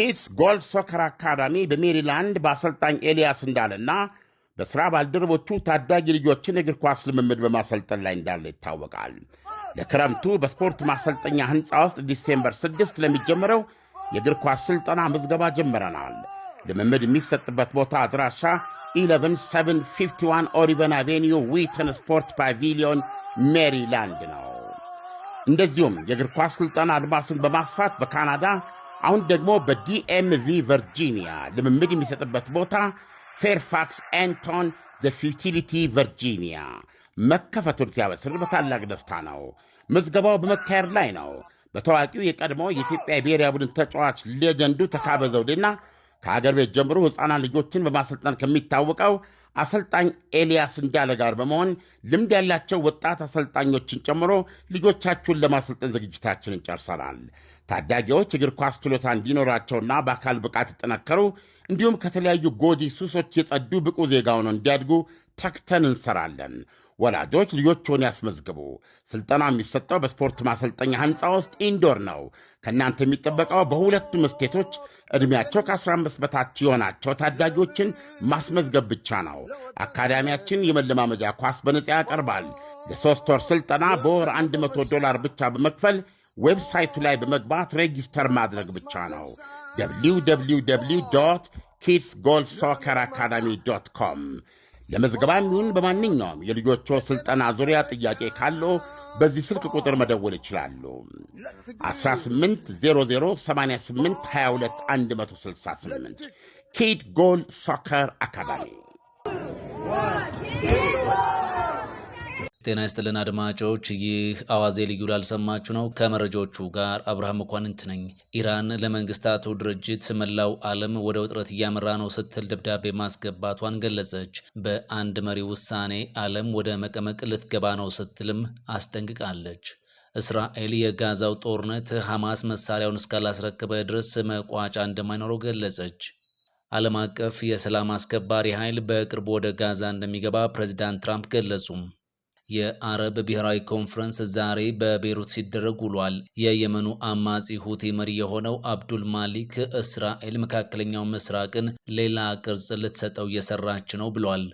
ስቴትስ ጎልፍ ሶከር አካዳሚ በሜሪላንድ በአሰልጣኝ ኤልያስ እንዳለና በሥራ ባልደረቦቹ ታዳጊ ልጆችን የእግር ኳስ ልምምድ በማሰልጠን ላይ እንዳለ ይታወቃል። ለክረምቱ በስፖርት ማሰልጠኛ ሕንፃ ውስጥ ዲሴምበር 6 ለሚጀምረው የእግር ኳስ ሥልጠና ምዝገባ ጀምረናል። ልምምድ የሚሰጥበት ቦታ አድራሻ 11751 ኦሪቨን አቬኒዩ ዊትን ስፖርት ፓቪሊዮን ሜሪላንድ ነው። እንደዚሁም የእግር ኳስ ሥልጠና አድማሱን በማስፋት በካናዳ አሁን ደግሞ በዲኤምቪ ቨርጂኒያ ልምምድ የሚሰጥበት ቦታ ፌርፋክስ ኤንቶን ዘ ፊውቲሊቲ ቨርጂኒያ መከፈቱን ሲያበስር በታላቅ ደስታ ነው። ምዝገባው በመካሄድ ላይ ነው። በታዋቂው የቀድሞ የኢትዮጵያ ብሔርያ ቡድን ተጫዋች ሌጀንዱ ተካበ ዘውዴና ከሀገር ቤት ጀምሮ ሕፃናት ልጆችን በማሰልጠን ከሚታወቀው አሰልጣኝ ኤልያስ እንዳለ ጋር በመሆን ልምድ ያላቸው ወጣት አሰልጣኞችን ጨምሮ ልጆቻችሁን ለማሰልጠን ዝግጅታችንን ጨርሰናል። ታዳጊዎች እግር ኳስ ችሎታ እንዲኖራቸውና በአካል ብቃት ይጠነከሩ እንዲሁም ከተለያዩ ጎጂ ሱሶች የጸዱ ብቁ ዜጋ ሆነው እንዲያድጉ ተክተን እንሰራለን። ወላጆች ልጆችን ያስመዝግቡ። ስልጠና የሚሰጠው በስፖርት ማሰልጠኛ ሕንፃ ውስጥ ኢንዶር ነው። ከእናንተ የሚጠበቀው በሁለቱም ስቴቶች ዕድሜያቸው ከ15 በታች የሆናቸው ታዳጊዎችን ማስመዝገብ ብቻ ነው። አካዳሚያችን የመለማመጃ ኳስ በነፃ ያቀርባል። የሦስት ወር ሥልጠና በወር 100 ዶላር ብቻ በመክፈል ዌብሳይቱ ላይ በመግባት ሬጂስተር ማድረግ ብቻ ነው። www ኪድስ ጎል ሶከር አካዳሚ ዶት ኮም። ለመዝገባ የሚሆን በማንኛውም የልጆቹ ሥልጠና ዙሪያ ጥያቄ ካለው በዚህ ስልክ ቁጥር መደወል ይችላሉ። 180088226168 ኪድ ጎል ሶከር አካዳሚ ጤና ይስጥልን አድማጮች፣ ይህ አዋዜ ልዩ ላልሰማችሁ ነው። ከመረጃዎቹ ጋር አብርሃም መኳንንት ነኝ። ኢራን ለመንግስታቱ ድርጅት መላው ዓለም ወደ ውጥረት እያመራ ነው ስትል ደብዳቤ ማስገባቷን ገለጸች። በአንድ መሪ ውሳኔ ዓለም ወደ መቀመቅ ልትገባ ነው ስትልም አስጠንቅቃለች። እስራኤል የጋዛው ጦርነት ሐማስ መሳሪያውን እስካላስረከበ ድረስ መቋጫ እንደማይኖረው ገለጸች። ዓለም አቀፍ የሰላም አስከባሪ ኃይል በቅርቡ ወደ ጋዛ እንደሚገባ ፕሬዚዳንት ትራምፕ ገለጹም። የአረብ ብሔራዊ ኮንፈረንስ ዛሬ በቤይሩት ሲደረግ ውሏል። የየመኑ አማጺ ሁቲ መሪ የሆነው አብዱል ማሊክ እስራኤል መካከለኛው ምስራቅን ሌላ ቅርጽ ልትሰጠው እየሰራች ነው ብሏል።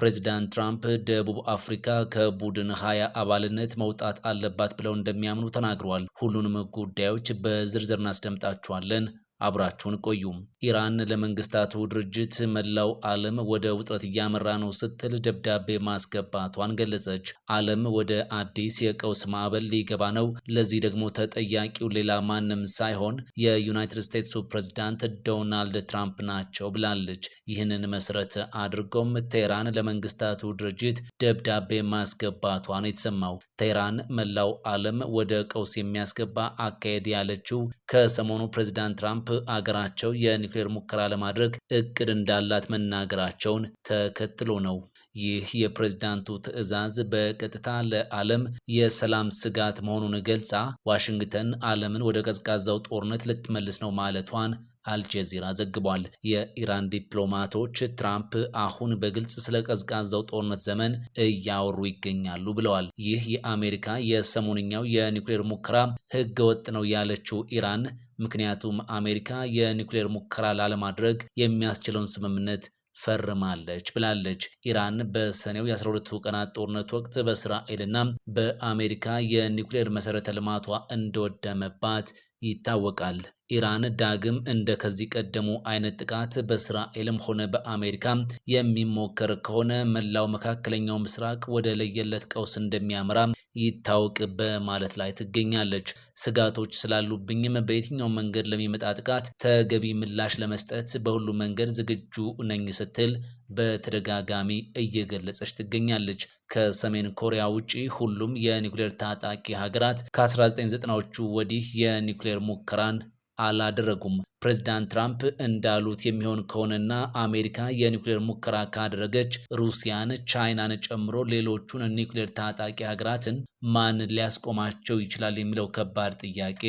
ፕሬዚዳንት ትራምፕ ደቡብ አፍሪካ ከቡድን ሀያ አባልነት መውጣት አለባት ብለው እንደሚያምኑ ተናግረዋል። ሁሉንም ጉዳዮች በዝርዝር እናስደምጣችኋለን። አብራችሁን ቆዩ። ኢራን ለመንግስታቱ ድርጅት መላው ዓለም ወደ ውጥረት እያመራ ነው ስትል ደብዳቤ ማስገባቷን ገለጸች። ዓለም ወደ አዲስ የቀውስ ማዕበል ሊገባ ነው፣ ለዚህ ደግሞ ተጠያቂው ሌላ ማንም ሳይሆን የዩናይትድ ስቴትሱ ፕሬዝዳንት ዶናልድ ትራምፕ ናቸው ብላለች። ይህንን መሰረት አድርጎም ቴህራን ለመንግስታቱ ድርጅት ደብዳቤ ማስገባቷን የተሰማው ቴህራን መላው ዓለም ወደ ቀውስ የሚያስገባ አካሄድ ያለችው ከሰሞኑ ፕሬዝዳንት ትራምፕ አገራቸው የኒውክሌር ሙከራ ለማድረግ እቅድ እንዳላት መናገራቸውን ተከትሎ ነው። ይህ የፕሬዝዳንቱ ትዕዛዝ በቀጥታ ለዓለም የሰላም ስጋት መሆኑን ገልጻ ዋሽንግተን ዓለምን ወደ ቀዝቃዛው ጦርነት ልትመልስ ነው ማለቷን አልጀዚራ ዘግቧል። የኢራን ዲፕሎማቶች ትራምፕ አሁን በግልጽ ስለ ቀዝቃዛው ጦርነት ዘመን እያወሩ ይገኛሉ ብለዋል። ይህ የአሜሪካ የሰሞንኛው የኒውክሌር ሙከራ ህገወጥ ነው ያለችው ኢራን ምክንያቱም አሜሪካ የኒውክሌር ሙከራ ላለማድረግ የሚያስችለውን ስምምነት ፈርማለች ብላለች። ኢራን በሰኔው የ12ቱ ቀናት ጦርነት ወቅት በእስራኤልና በአሜሪካ የኒውክሌር መሰረተ ልማቷ እንደወደመባት ይታወቃል። ኢራን ዳግም እንደ ከዚህ ቀደሙ አይነት ጥቃት በእስራኤልም ሆነ በአሜሪካ የሚሞከር ከሆነ መላው መካከለኛው ምስራቅ ወደ ለየለት ቀውስ እንደሚያመራ ይታወቅ በማለት ላይ ትገኛለች። ስጋቶች ስላሉብኝም በየትኛው መንገድ ለሚመጣ ጥቃት ተገቢ ምላሽ ለመስጠት በሁሉ መንገድ ዝግጁ ነኝ ስትል በተደጋጋሚ እየገለጸች ትገኛለች። ከሰሜን ኮሪያ ውጪ ሁሉም የኒውክሌር ታጣቂ ሀገራት ከ1990ዎቹ ወዲህ የኒውክሌር ሙከራን አላደረጉም። ፕሬዚዳንት ትራምፕ እንዳሉት የሚሆን ከሆነና አሜሪካ የኒውክሌር ሙከራ ካደረገች ሩሲያን፣ ቻይናን ጨምሮ ሌሎቹን ኒውክሌር ታጣቂ ሀገራትን ማን ሊያስቆማቸው ይችላል የሚለው ከባድ ጥያቄ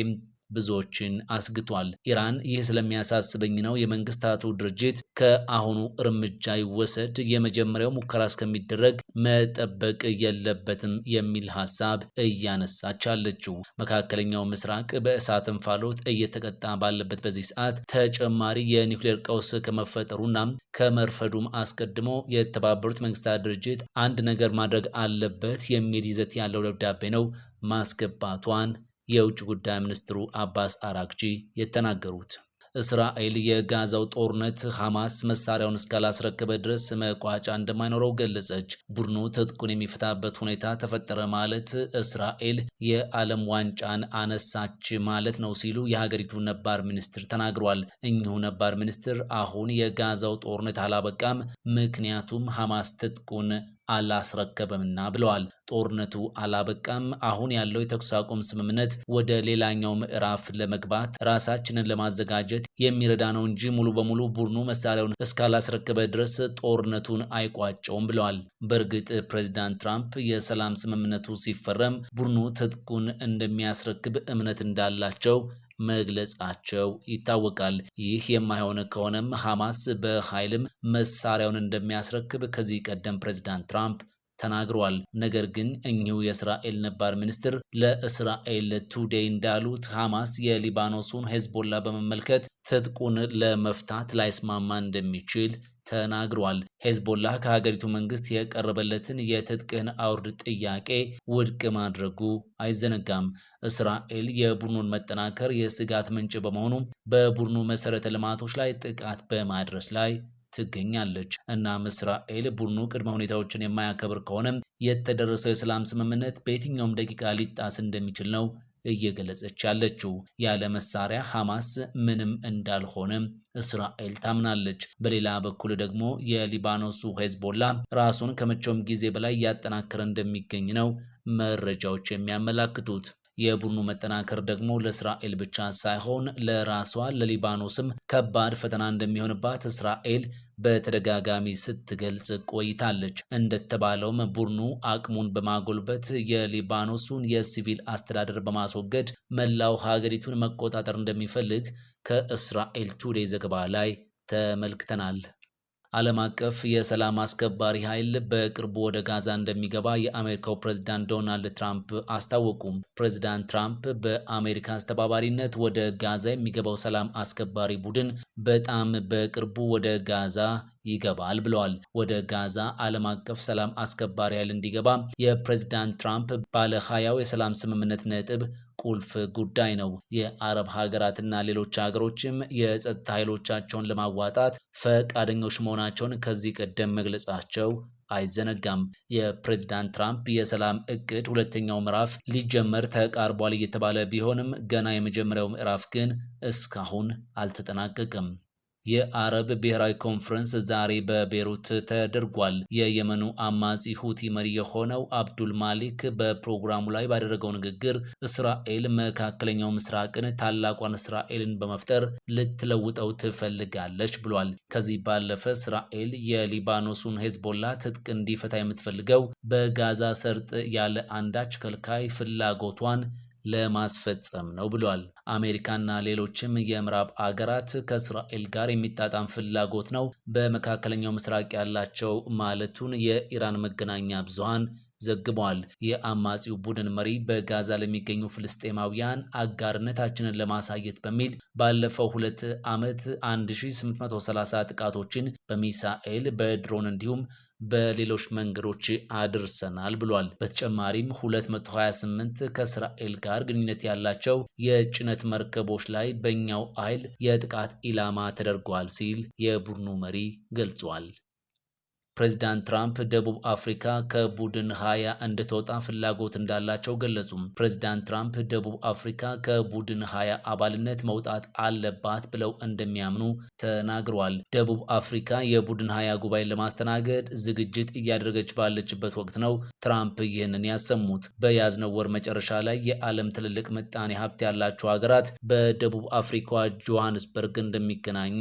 ብዙዎችን አስግቷል። ኢራን ይህ ስለሚያሳስበኝ ነው የመንግስታቱ ድርጅት ከአሁኑ እርምጃ ይወሰድ፣ የመጀመሪያው ሙከራ እስከሚደረግ መጠበቅ የለበትም የሚል ሀሳብ እያነሳች አለችው። መካከለኛው ምስራቅ በእሳት እንፋሎት እየተቀጣ ባለበት በዚህ ሰዓት ተጨማሪ የኒውክሌር ቀውስ ከመፈጠሩና ከመርፈዱም አስቀድሞ የተባበሩት መንግስታት ድርጅት አንድ ነገር ማድረግ አለበት የሚል ይዘት ያለው ደብዳቤ ነው ማስገባቷን የውጭ ጉዳይ ሚኒስትሩ አባስ አራግቺ የተናገሩት። እስራኤል የጋዛው ጦርነት ሐማስ መሳሪያውን እስካላስረከበ ድረስ መቋጫ እንደማይኖረው ገለጸች። ቡድኑ ትጥቁን የሚፈታበት ሁኔታ ተፈጠረ ማለት እስራኤል የዓለም ዋንጫን አነሳች ማለት ነው ሲሉ የሀገሪቱ ነባር ሚኒስትር ተናግሯል። እኚሁ ነባር ሚኒስትር አሁን የጋዛው ጦርነት አላበቃም፣ ምክንያቱም ሐማስ ትጥቁን አላስረከበምና ብለዋል። ጦርነቱ አላበቃም። አሁን ያለው የተኩስ አቁም ስምምነት ወደ ሌላኛው ምዕራፍ ለመግባት ራሳችንን ለማዘጋጀት የሚረዳ ነው እንጂ ሙሉ በሙሉ ቡድኑ መሳሪያውን እስካላስረከበ ድረስ ጦርነቱን አይቋጨውም ብለዋል። በእርግጥ ፕሬዚዳንት ትራምፕ የሰላም ስምምነቱ ሲፈረም ቡድኑ ትጥቁን እንደሚያስረክብ እምነት እንዳላቸው መግለጻቸው ይታወቃል። ይህ የማይሆን ከሆነም ሐማስ በኃይልም መሳሪያውን እንደሚያስረክብ ከዚህ ቀደም ፕሬዚዳንት ትራምፕ ተናግሯል። ነገር ግን እኚሁ የእስራኤል ነባር ሚኒስትር ለእስራኤል ቱዴይ እንዳሉት ሐማስ የሊባኖሱን ሄዝቦላ በመመልከት ትጥቁን ለመፍታት ላይስማማ እንደሚችል ተናግሯል። ሄዝቦላ ከሀገሪቱ መንግስት የቀረበለትን የትጥቅህን አውርድ ጥያቄ ውድቅ ማድረጉ አይዘነጋም። እስራኤል የቡድኑን መጠናከር የስጋት ምንጭ በመሆኑም በቡድኑ መሰረተ ልማቶች ላይ ጥቃት በማድረስ ላይ ትገኛለች። እናም እስራኤል ቡድኑ ቅድመ ሁኔታዎችን የማያከብር ከሆነ የተደረሰው የሰላም ስምምነት በየትኛውም ደቂቃ ሊጣስ እንደሚችል ነው እየገለጸች ያለችው። ያለ መሳሪያ ሐማስ ምንም እንዳልሆነ እስራኤል ታምናለች። በሌላ በኩል ደግሞ የሊባኖሱ ሄዝቦላ ራሱን ከመቼውም ጊዜ በላይ እያጠናከረ እንደሚገኝ ነው መረጃዎች የሚያመላክቱት። የቡድኑ መጠናከር ደግሞ ለእስራኤል ብቻ ሳይሆን ለራሷ ለሊባኖስም ከባድ ፈተና እንደሚሆንባት እስራኤል በተደጋጋሚ ስትገልጽ ቆይታለች። እንደተባለውም ቡድኑ አቅሙን በማጎልበት የሊባኖሱን የሲቪል አስተዳደር በማስወገድ መላው ሀገሪቱን መቆጣጠር እንደሚፈልግ ከእስራኤል ቱዴ ዘገባ ላይ ተመልክተናል። ዓለም አቀፍ የሰላም አስከባሪ ኃይል በቅርቡ ወደ ጋዛ እንደሚገባ የአሜሪካው ፕሬዝዳንት ዶናልድ ትራምፕ አስታወቁም። ፕሬዝዳንት ትራምፕ በአሜሪካ አስተባባሪነት ወደ ጋዛ የሚገባው ሰላም አስከባሪ ቡድን በጣም በቅርቡ ወደ ጋዛ ይገባል ብለዋል። ወደ ጋዛ ዓለም አቀፍ ሰላም አስከባሪ ኃይል እንዲገባ የፕሬዚዳንት ትራምፕ ባለ ሀያው የሰላም ስምምነት ነጥብ ቁልፍ ጉዳይ ነው። የአረብ ሀገራትና ሌሎች ሀገሮችም የጸጥታ ኃይሎቻቸውን ለማዋጣት ፈቃደኞች መሆናቸውን ከዚህ ቀደም መግለጻቸው አይዘነጋም። የፕሬዝዳንት ትራምፕ የሰላም እቅድ ሁለተኛው ምዕራፍ ሊጀመር ተቃርቧል እየተባለ ቢሆንም ገና የመጀመሪያው ምዕራፍ ግን እስካሁን አልተጠናቀቀም። የአረብ ብሔራዊ ኮንፈረንስ ዛሬ በቤሩት ተደርጓል። የየመኑ አማጺ ሁቲ መሪ የሆነው አብዱል ማሊክ በፕሮግራሙ ላይ ባደረገው ንግግር እስራኤል መካከለኛው ምስራቅን ታላቋን እስራኤልን በመፍጠር ልትለውጠው ትፈልጋለች ብሏል። ከዚህ ባለፈ እስራኤል የሊባኖሱን ሄዝቦላ ትጥቅ እንዲፈታ የምትፈልገው በጋዛ ሰርጥ ያለ አንዳች ከልካይ ፍላጎቷን ለማስፈጸም ነው ብሏል። አሜሪካና ሌሎችም የምዕራብ አገራት ከእስራኤል ጋር የሚጣጣም ፍላጎት ነው በመካከለኛው ምስራቅ ያላቸው ማለቱን የኢራን መገናኛ ብዙሃን ዘግቧል። የአማጺው ቡድን መሪ በጋዛ ለሚገኙ ፍልስጤማውያን አጋርነታችንን ለማሳየት በሚል ባለፈው ሁለት ዓመት 1830 ጥቃቶችን በሚሳኤል በድሮን እንዲሁም በሌሎች መንገዶች አድርሰናል ብሏል። በተጨማሪም 228 ከእስራኤል ጋር ግንኙነት ያላቸው የጭነት መርከቦች ላይ በእኛው ኃይል የጥቃት ኢላማ ተደርጓል ሲል የቡድኑ መሪ ገልጿል። ፕሬዚዳንት ትራምፕ ደቡብ አፍሪካ ከቡድን ሀያ እንድትወጣ ፍላጎት እንዳላቸው ገለጹ። ፕሬዚዳንት ትራምፕ ደቡብ አፍሪካ ከቡድን ሀያ አባልነት መውጣት አለባት ብለው እንደሚያምኑ ተናግረዋል። ደቡብ አፍሪካ የቡድን ሀያ ጉባኤ ለማስተናገድ ዝግጅት እያደረገች ባለችበት ወቅት ነው ትራምፕ ይህንን ያሰሙት። በያዝነው ወር መጨረሻ ላይ የዓለም ትልልቅ ምጣኔ ሀብት ያላቸው ሀገራት በደቡብ አፍሪካ ጆሃንስበርግ እንደሚገናኙ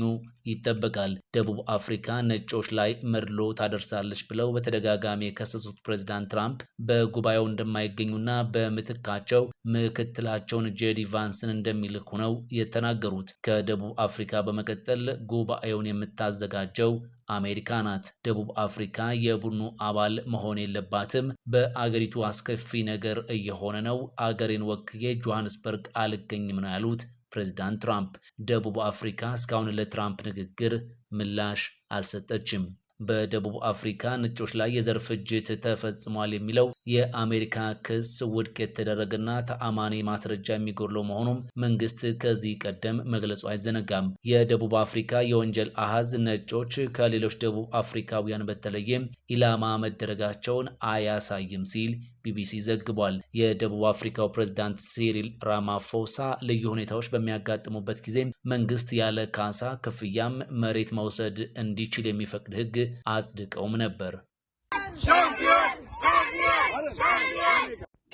ይጠበቃል። ደቡብ አፍሪካ ነጮች ላይ መድሎ ታደርሳለች ብለው በተደጋጋሚ የከሰሱት ፕሬዚዳንት ትራምፕ በጉባኤው እንደማይገኙና በምትካቸው ምክትላቸውን ጄዲ ቫንስን እንደሚልኩ ነው የተናገሩት። ከደቡብ አፍሪካ በመቀጠል ጉባኤውን የምታዘጋጀው አሜሪካ ናት። ደቡብ አፍሪካ የቡድኑ አባል መሆን የለባትም። በአገሪቱ አስከፊ ነገር እየሆነ ነው። አገሬን ወክዬ ጆሃንስበርግ አልገኝም ነው ያሉት ፕሬዚዳንት ትራምፕ ደቡብ አፍሪካ እስካሁን ለትራምፕ ንግግር ምላሽ አልሰጠችም። በደቡብ አፍሪካ ነጮች ላይ የዘር ፍጅት ተፈጽሟል የሚለው የአሜሪካ ክስ ውድቅ የተደረገና ተአማኒ ማስረጃ የሚጎድለው መሆኑም መንግስት ከዚህ ቀደም መግለጹ አይዘነጋም። የደቡብ አፍሪካ የወንጀል አሃዝ ነጮች ከሌሎች ደቡብ አፍሪካውያን በተለየም ኢላማ መደረጋቸውን አያሳይም ሲል ቢቢሲ ዘግቧል። የደቡብ አፍሪካው ፕሬዝዳንት ሲሪል ራማፎሳ ልዩ ሁኔታዎች በሚያጋጥሙበት ጊዜም መንግስት ያለ ካሳ ክፍያም መሬት መውሰድ እንዲችል የሚፈቅድ ህግ አጽድቀውም ነበር።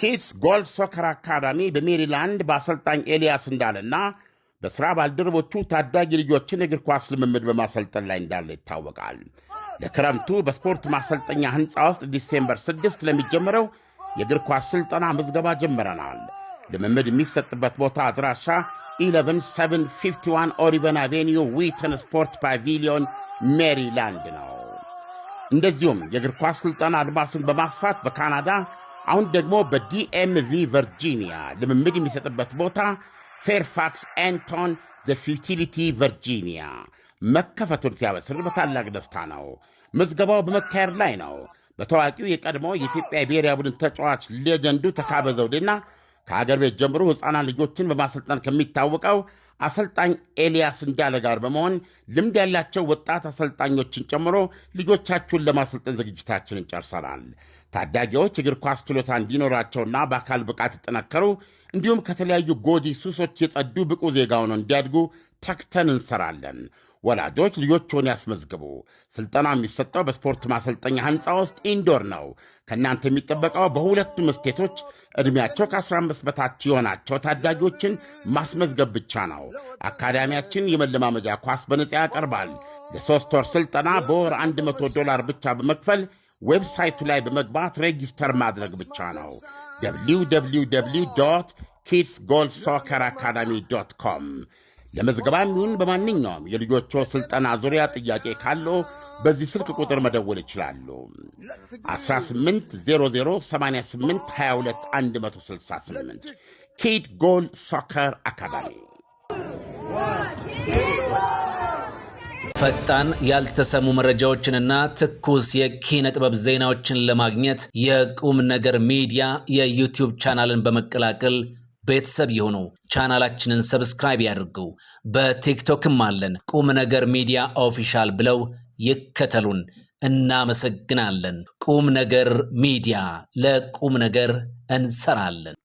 ኬትስ ጎልድ ሶከር አካዳሚ በሜሪላንድ በአሰልጣኝ ኤልያስ እንዳለና በሥራ ባልደረቦቹ ታዳጊ ልጆችን እግር ኳስ ልምምድ በማሰልጠን ላይ እንዳለ ይታወቃል። ለክረምቱ በስፖርት ማሰልጠኛ ሕንፃ ውስጥ ዲሴምበር 6 ለሚጀምረው የእግር ኳስ ሥልጠና ምዝገባ ጀምረናል። ልምምድ የሚሰጥበት ቦታ አድራሻ 11751 ኦሪቨን አቬኒዩ ዊትን ስፖርት ፓቪሊዮን ሜሪላንድ ነው። እንደዚሁም የእግር ኳስ ሥልጠና አድማሱን በማስፋት በካናዳ አሁን ደግሞ በዲኤምቪ ቨርጂኒያ ልምምድ የሚሰጥበት ቦታ ፌርፋክስ ኤንቶን ዘ ፊቲሊቲ ቨርጂኒያ መከፈቱን ሲያበስር በታላቅ ደስታ ነው። ምዝገባው በመካሄድ ላይ ነው። በታዋቂው የቀድሞ የኢትዮጵያ የብሔራዊ ቡድን ተጫዋች ሌጀንዱ ተካበ ዘውዴና ከሀገር ቤት ጀምሮ ሕፃናት ልጆችን በማሰልጠን ከሚታወቀው አሰልጣኝ ኤልያስ እንዳለ ጋር በመሆን ልምድ ያላቸው ወጣት አሰልጣኞችን ጨምሮ ልጆቻችሁን ለማሰልጠን ዝግጅታችንን ጨርሰናል። ታዳጊዎች እግር ኳስ ችሎታ እንዲኖራቸውና በአካል ብቃት ይጠነከሩ እንዲሁም ከተለያዩ ጎጂ ሱሶች የጸዱ ብቁ ዜጋ ሆነው እንዲያድጉ ተክተን እንሰራለን። ወላጆች ልጆችን ያስመዝግቡ። ስልጠና የሚሰጠው በስፖርት ማሰልጠኛ ሕንፃ ውስጥ ኢንዶር ነው። ከእናንተ የሚጠበቀው በሁለቱም ስቴቶች ዕድሜያቸው ከ15 በታች የሆናቸው ታዳጊዎችን ማስመዝገብ ብቻ ነው። አካዳሚያችን የመለማመጃ ኳስ በነፃ ያቀርባል። የሦስት ወር ሥልጠና በወር 100 ዶላር ብቻ በመክፈል ዌብሳይቱ ላይ በመግባት ሬጂስተር ማድረግ ብቻ ነው። www ኪድስ ጎል ሶከር አካዳሚ ዶት ኮም ለመዝገባም ይሁን በማንኛውም የልጆቹ ሥልጠና ዙሪያ ጥያቄ ካለው በዚህ ስልክ ቁጥር መደወል ይችላሉ። 18008822 ኪድ ጎል ሶከር አካዳሚ። ፈጣን ያልተሰሙ መረጃዎችንና ትኩስ የኪነ ጥበብ ዜናዎችን ለማግኘት የቁም ነገር ሚዲያ የዩቲዩብ ቻናልን በመቀላቀል ቤተሰብ የሆኑ ቻናላችንን ሰብስክራይብ ያድርገው። በቲክቶክም አለን። ቁም ነገር ሚዲያ ኦፊሻል ብለው ይከተሉን። እናመሰግናለን። ቁም ነገር ሚዲያ ለቁም ነገር እንሰራለን።